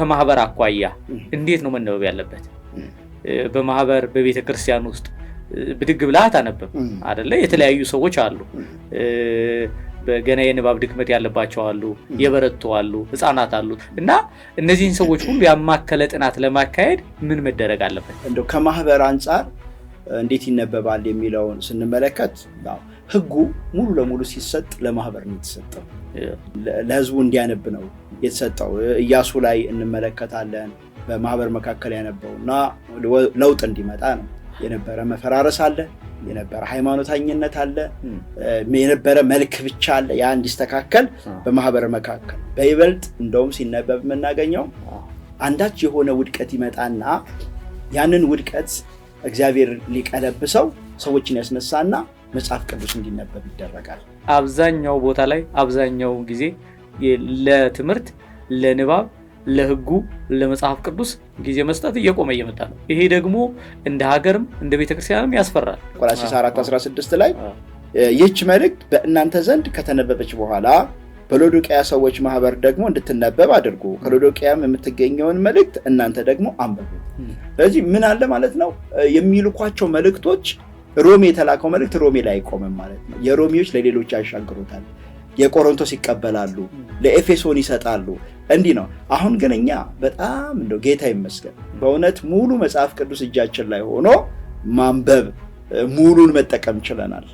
ከማህበር አኳያ እንዴት ነው መነበብ ያለበት? በማህበር በቤተ ክርስቲያን ውስጥ ብድግ ብለህ አታነብም አደለ? የተለያዩ ሰዎች አሉ። በገና የንባብ ድክመት ያለባቸው አሉ፣ የበረቱ አሉ፣ ህፃናት አሉ። እና እነዚህን ሰዎች ሁሉ ያማከለ ጥናት ለማካሄድ ምን መደረግ አለበት? እንደው ከማህበር አንጻር እንዴት ይነበባል የሚለውን ስንመለከት ህጉ ሙሉ ለሙሉ ሲሰጥ ለማህበር ነው የተሰጠው፣ ለህዝቡ እንዲያነብ ነው የተሰጠው። እያሱ ላይ እንመለከታለን በማህበር መካከል ያነበው እና ለውጥ እንዲመጣ ነው። የነበረ መፈራረስ አለ፣ የነበረ ሃይማኖታኝነት አለ፣ የነበረ መልክ ብቻ አለ። ያ እንዲስተካከል በማህበር መካከል በይበልጥ እንደውም ሲነበብ የምናገኘው አንዳች የሆነ ውድቀት ይመጣና ያንን ውድቀት እግዚአብሔር ሊቀለብሰው ሰዎችን ያስነሳና መጽሐፍ ቅዱስ እንዲነበብ ይደረጋል። አብዛኛው ቦታ ላይ አብዛኛው ጊዜ ለትምህርት፣ ለንባብ፣ ለሕጉ፣ ለመጽሐፍ ቅዱስ ጊዜ መስጠት እየቆመ እየመጣ ነው። ይሄ ደግሞ እንደ ሀገርም እንደ ቤተክርስቲያንም ያስፈራል። 4 4፥16 ላይ ይህች መልእክት በእናንተ ዘንድ ከተነበበች በኋላ በሎዶቅያ ሰዎች ማህበር ደግሞ እንድትነበብ አድርጉ። ከሎዶቅያም የምትገኘውን መልእክት እናንተ ደግሞ አንብቡ። ስለዚህ ምን አለ ማለት ነው የሚልኳቸው መልእክቶች ሮሜ የተላከው መልእክት ሮሜ ላይ አይቆምም ማለት ነው። የሮሜዎች ለሌሎች ያሻግሩታል፣ የቆሮንቶስ ይቀበላሉ፣ ለኤፌሶን ይሰጣሉ። እንዲህ ነው። አሁን ግን እኛ በጣም እንደው ጌታ ይመስገን በእውነት ሙሉ መጽሐፍ ቅዱስ እጃችን ላይ ሆኖ ማንበብ ሙሉን መጠቀም ችለናል።